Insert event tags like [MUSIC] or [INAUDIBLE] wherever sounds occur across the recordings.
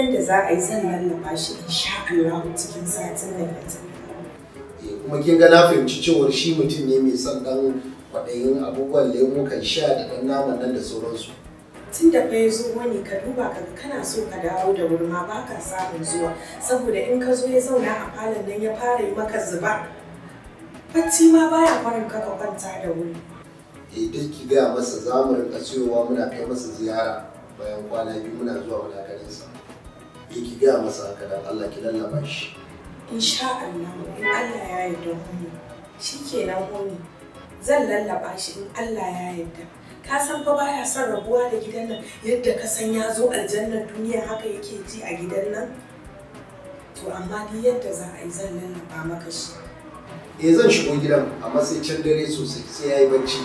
yadda za a yi zan lallafa shi insha Allah cikin satin da ke kuma kin ga na fahimci cewar shi mutum ne mai son dan kwaɗayin abubuwan lemu kan sha da ɗan naman nan da sauransu. Tun da fa ya zo wani ka duba ka kana so ka dawo da wuri ma ba ka samun zuwa saboda in ka zo ya zauna a falon nan ya fara yi maka zuba. Bacci ma baya kwarin ka ka kwanta da wuri. Eh dai ki gaya masa zamu rinka cewa muna kai masa ziyara bayan kwana biyu muna zuwa muna je ki gaya masa haka dan Allah ki lallaba shi insha Allah in Allah ya yarda mu shikenan homi zan lallaba shi in Allah ya yarda ka san fa baya son rabuwa da gidan nan yadda ka san ya zo aljannar duniya haka yake ji a gidan nan to amma duk yadda za a yi zan lallaba maka shi eh zan shigo gidan amma sai can dare sosai sai yayi bacci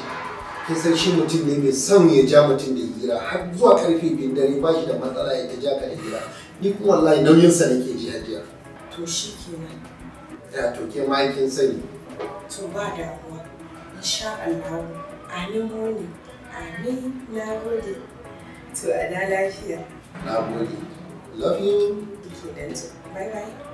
kai san shi mutum ne mai son ya ja mutum da hira har zuwa karfe biyu dare ba shi da matsala ya ja ka da hira ni kuma wallahi nauyin sa nake ji hajiya to shi nan ya to ke ma kin sani to ba ruwa insha Allah mu ne amin na gode to a da lafiya na gode love you bye bye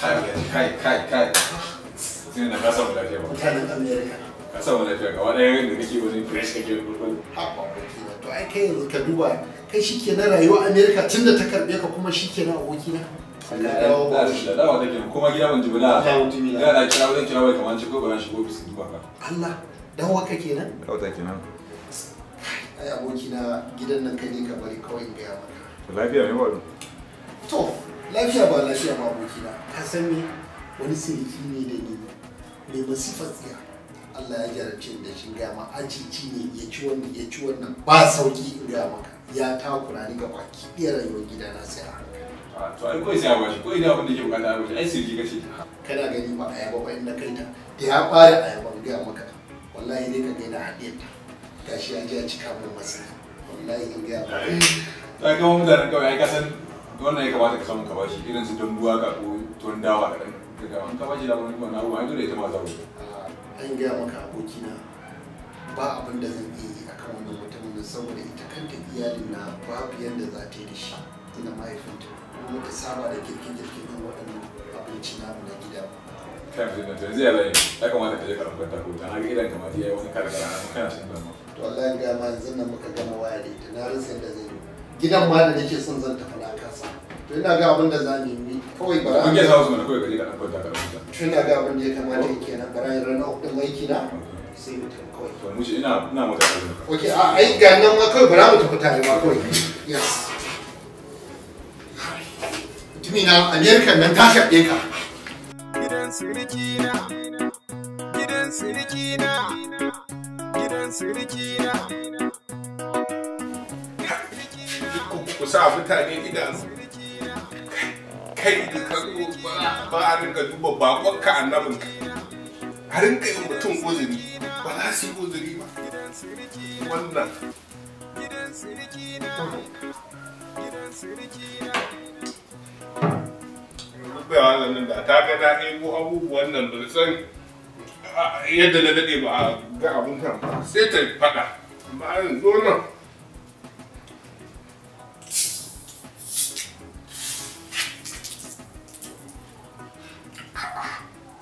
kai kai kai tun da ka samu lafiya ba mutanen america ka samu lafiya ga wani yayin da kake wani fresh kake wani to ai kai yanzu ka duba kai na rayuwa Amerika tun da ta karbe ka kuma na abokina dawa take kuma gida ban jibila ga da kira wajen kira bai kamar cikin ban shigo bisu duba ka Allah dan waka kenan kauta kenan ai abokina gidan nan kai ne ka bari kawai ga maka lafiya ne ba to lafiya ba lafiya ba abokina ka san me wani siriki ne da ni mai masifar tsiya Allah ya jarabce da shi ga ma ajici ne ya ci wannan ya ci wannan ba sauki in ga maka ya takura ni ga baki ɗaya rayuwar gida na sai a to ai koyi sai a bashi kawai da abin da ke bukata a bashi ai siriki kace kana gani ba a yaba ba inda kai ta da ya fara ayaba ga maka wallahi ne ka ga na haɗe ta shi ya ji ya cika mun masa wallahi in ga ba ta ga mutanen kawai ai ka san wannan ya kamata ka samu ka bashi irin su dambuwa ka ko tuwon dawa kaɗan daga an ka bashi da wani wani dole ya zama zaro. an gaya maka abokina ba abin da zan iya yi akan wannan mutumin saboda ita kanta iyalin na babu yadda za ta yi da shi ina mahaifinta kuma ta saba da girke-girke ɗin waɗannan abinci namu na gida kan zai ka wani to Allah ya ga ma yanzu nan muka gama waya da ita na rasa yadda zai yi gidan ma da nake son zan tafi to ina ga abin da za mu yi kawai bara mun gaisa wasu mana kawai kaje ka kwanta ka rubuta to ina ga abin da ya kamata yi kenan bara yin rana din aiki na sai mutum kawai to mu ina ina mota okay a ai ga nan ma kawai bara mu tafi tare ma kawai yes mutumi na amerika nan ta shaɓe ka gidan siriki na gidan siriki na gidan siriki na ku sa mutane idan kai da ka ba a rinka duba bakonka annabin ka a rinka yin mutum uzuri ba za su yi uzuri ba wannan Rubewa nan da ta ga na ɗebo abubuwan nan da san yadda na daɗe ba a ga abun nan sai ta faɗa amma yanzu nan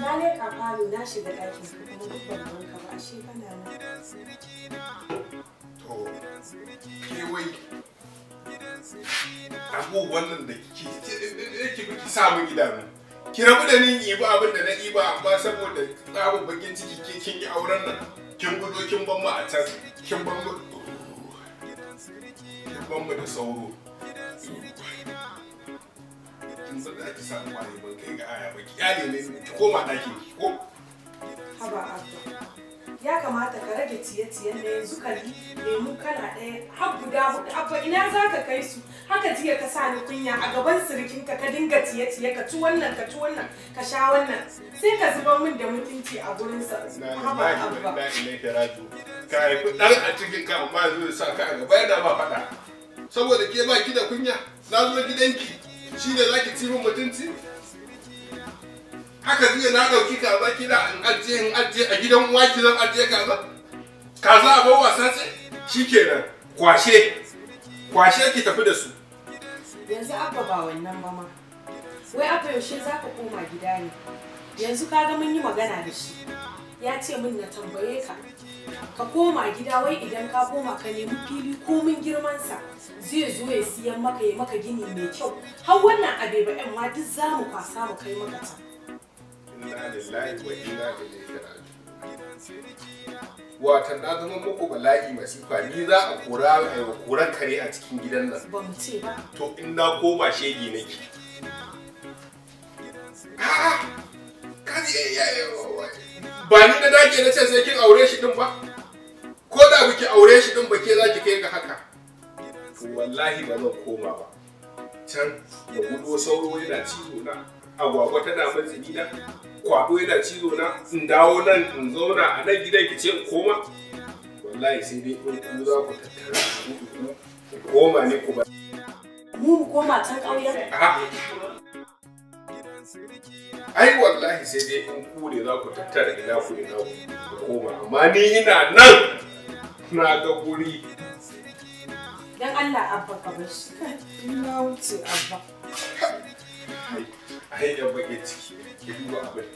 na leƙa falo na shiga ɗakin ka kuma duk ban wanka ba a kana nan to ke abubuwan nan da kike eh, eh, kike sa min idanu ki rabu da ni yi abin da na yi ba amma saboda tsabin bakin ciki ke kin yi auren nan kin gudu kin ban mu a can kin ban mu kin ban mu da sauro in ba za ki ban kai ga aya ba ki yare ne ki koma ɗakin ki ko. Haba Abba. Ya kamata ka rage ciye-ciyen na yanzu ka yi lemu kana ɗaya har guda huɗu abba ina za ka kai su haka jiya ka sa ni kunya a gaban sirikinka ka dinga ciye-ciye ka ci wannan ka ci wannan ka sha wannan sai ka zuba min da mutunci a gurin gurinsa. Haba Abba. Na ina kira ka yi kudan a cikin ka amma zai sa ka a gaba yana ba faɗa. Saboda ke ba ki da kunya na zo gidanki shi ne za ki ci min mutunci haka zai na ɗauki kaza kina in ajiye in ajiye a gidan uwa ki zan ajiye kaza kaza a bawa sace shikenan kwashe kwashe ki tafi da su yanzu abba ba wannan ba ma wai abba yaushe za ka koma gida ne yanzu ka ga mun yi magana da shi ya ce min na tambaye ka ka koma gida wai idan ka koma ka nemi fili komin girmansa zai zo ya siyan maka ya maka gini mai kyau har wannan abeba ma duk za mu kwasa mu kai maka ta watan na zama muku bala'i masifa ni za a kora koran kare a cikin gidan nan ba mu ce ba to in na koma shegi nake ka ji yayo ba ni na na ce sai kin aure shi din ba ko da biki aure shi din ba ke za ki kai ga haka wallahi ba zan koma ba can ya gudu sauro yana cizo na agwagwa tana matsi gida kwado yana cizo na in dawo nan in zauna a nan gidan ki ce in koma wallahi sai dai in ku za ku tattara ku koma ne ku ba mu koma can ƙauyen ai wallahi sai dai in ku ne za ku tattara gida ku ina ku koma amma ni ina nan na ga guri dan Allah abba ka bar shi [LAUGHS] na wuce abba ai da bage ciki ki duba abin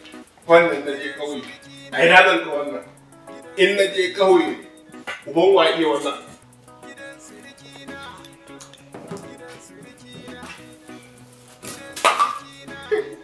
wannan na je kauye ai na zan ka wannan in na je kauye uban wa iya wannan Thank you.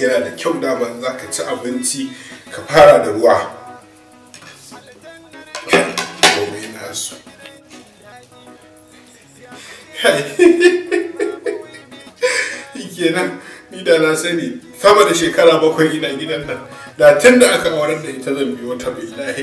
yana da kyau daman za ka ci abinci ka fara da ruwa domin nasu kenan ni da na sani sama da shekara bakwai ina gidan nan da tun da aka aurar da ita zan biyo ta bai ilahi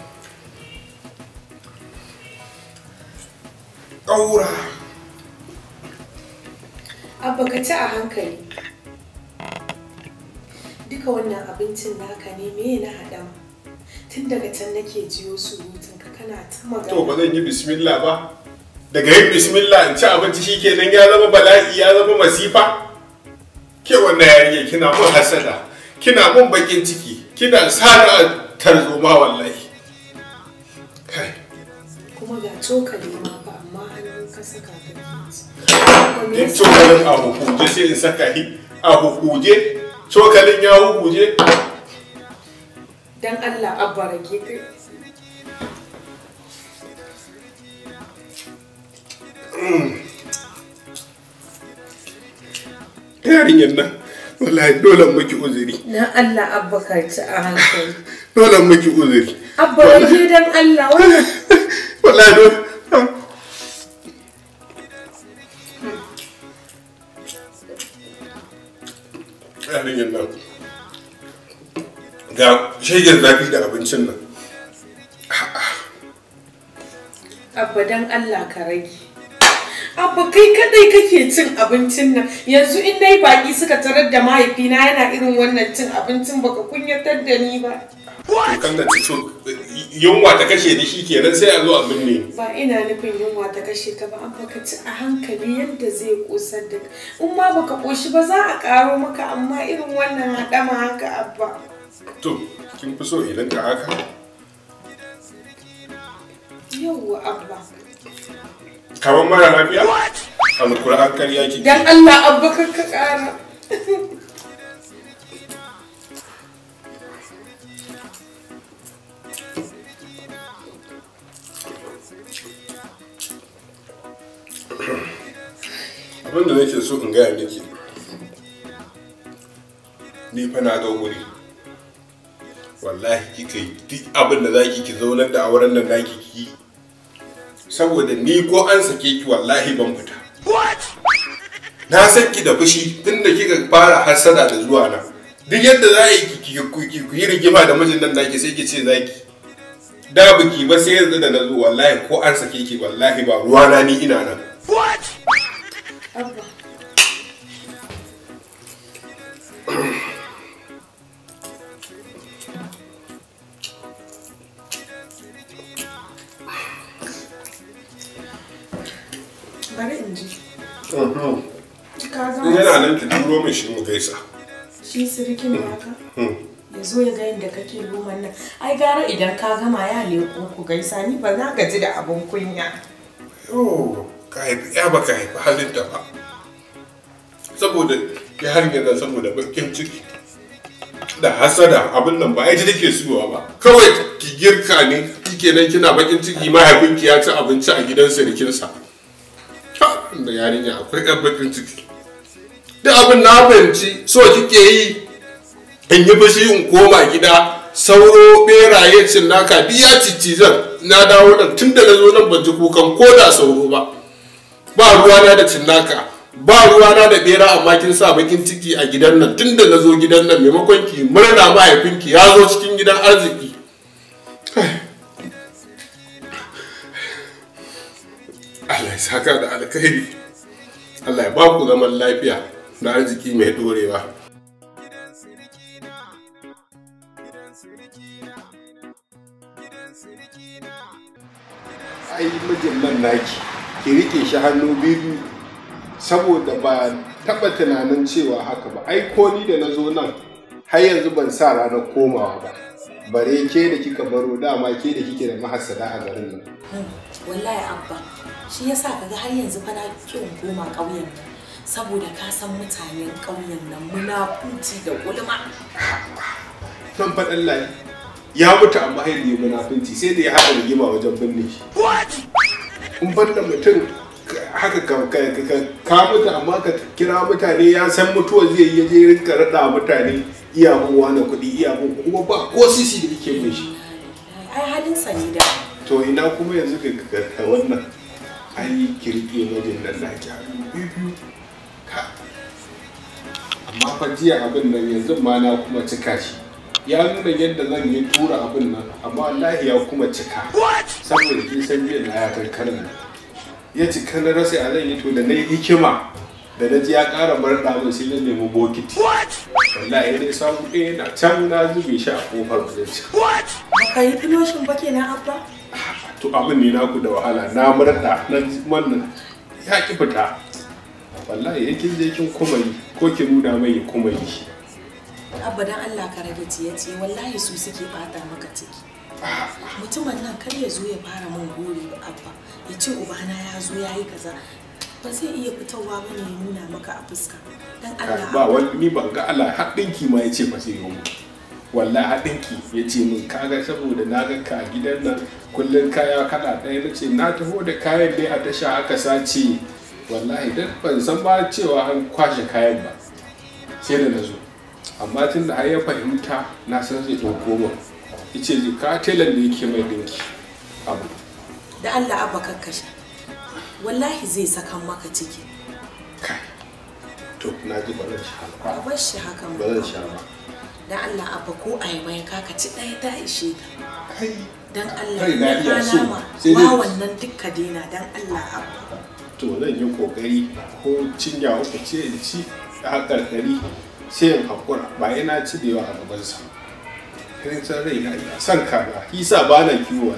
ƙaura abba ka ci a hankali duka wannan abincin naka ne me na haɗa tun daga can nake jiyo surutun ka kana ta magana to ba zan yi bismillah ba daga yin bismillah in ci abinci kenan ya zama bala'i ya zama masifa ke wannan yarinya kina mun hasada kina mun bakin ciki kina sara tarzoma wallahi kai kuma ga cokali ma duk cokalin a hukuje sai in saka shi a hukuje cokalin ya hukuje dan Allah abba rage kai yarinyar nan wallahi dole miki uzuri na Allah abba ka ci a hankali dole miki uzuri abba dan Allah wallahi [LAUGHS] shegen zafi da abincin nan abba don allah ka rage abba kai kadai kake cin abincin nan yanzu in dai baki suka tarar da mahaifina yana irin wannan cin abincin baka kunyatar da ni ba kan da cikin yunwa ta kashe ni kenan sai a zo a binne ba ina nufin yunwa ta kashe ka ba amma ka ci a hankali yadda zai kosar da in ma baka koshi ba za a karo maka amma irin wannan haɗama haka abba to kin fi so idan ka haka yawwa abba kamar mara lafiya alkur'an karya ki dan Allah abba ka ka kara abinda nake so in gaya miki ni fa na ga wuri wallahi kika yi duk abin da zaki ki zaunar da auren nan naki ki saboda ni ko an sake ki wallahi ban fita na san ki da fushi tunda kika fara hasada da zuwa na duk yadda za a yi ki yi rigima da mijin nan naki sai ki ce zaki da biki ba sai yanzu da na zo wallahi ko an sake ki wallahi ba na ni ina nan bari in ji yana nan ki duro min shi mu gaisa shi sirikin hmm. naka hmm. ya zo ya ga yadda kake luman nan ai gara idan ka gama ya leko ku gaisa ni ba za ka ji da abin kunya yo oh, ka haifi ya ba ka haifi halinta ba saboda ya har yanzu saboda bakin ciki da hasada abin nan ba ita take suwa ba kawai ki girka ne kike nan kina bakin ciki mahaifinki ya ci abinci a gidan sirikinsa ka yarinya akwai yan ciki duk abin na fahimci so kike yi in yi fushi in koma gida sauro beraye cin naka duk ya cicizan na dawo nan tun da na nan ban ji kukan ko da sauro ba ba na da cin naka ba na da bera amma kin sa bakin ciki a gidan nan tun da na gidan nan maimakon ki murna mahaifinki ya zo cikin gidan arziki Allah ya saka da alkhairi Allah ya ba ku zaman lafiya da arziki mai dorewa. Ai mijin naki ki rike shi hannu biyu saboda ba taɓa tunanin cewa haka ba ai ko ni da na zo nan har yanzu ban sa ranar komawa ba bare ke da kika baro dama ke da kike da mahasada a garin nan hmm, wallahi abba shi yasa kaga har yanzu fa na kin goma ƙauyen saboda ka san mutanen ƙauyen nan munafunci da gulma nan fa layi ya mutu amma hayin ne munafunci sai da ya haɗa rigima wajen binne shi in banda mutum haka ka ka mutu amma ka kira mutane ya san mutuwa zai yi je rinka rada mutane iya kowa na kuɗi iya kuma ba ko sisi da kike mai shi ai halin sani da to ina kuma yanzu ka wannan ai kirki mijin nan na biyu ka amma fa jiya abin nan yanzu ma na kuma cika shi ya nuna yadda zan yi tura abin nan amma wallahi ya kuma cika saboda kin san jiya na ya karkar nan ya cika na rasa a zan yi to da na yi hikima da na ji ya kara barɗa min sai na nemi bokiti wallahi dai samu ɗaya na can na zube shi a ƙofar wajen cika. Ba ka yi filoshin ba kenan abba? to abin ne naku da wahala na murda na wannan ya ki fita wallahi yake je kin kuma ko ki nuna mai kuma yi abadan Allah ka rage ciye ciye wallahi su suke bata maka ciki mutumin nan kar ya zo ya fara mun gori ba abba ya ce na ya zo ya yi kaza ba zai iya fitowa ba ne nuna maka a fuska dan Allah ba wani ni ban ga Allah haɗinki ma ya ce ba sai yi wallahi haɗin ki ya ce min kaga saboda na ga ka gidan nan kullum kaya kana ɗaya na ce na taho da kayan ne a tasha aka sace wallahi duk ban san ba cewa an kwashe kayan ba sai da na zo amma tun da ya fahimta na san zai ɗauko ba ce ji ka telan da yake mai dinki abu da Allah abba kakkasha wallahi zai saka maka ciki kai to na ji ba zan sha ba shi haka ba zan sha ba da Allah abba ko ayaba ya kaka ci ɗaya ta ishe kai dan Allah ya kana ma wannan dukka dina don Allah abu. to zan yi kokari ko cinya uku ce in ci a karkari sai in haƙura. ba yana ci da yawa a gabansa irin san rai na iya san kaza hisa ba na kiwo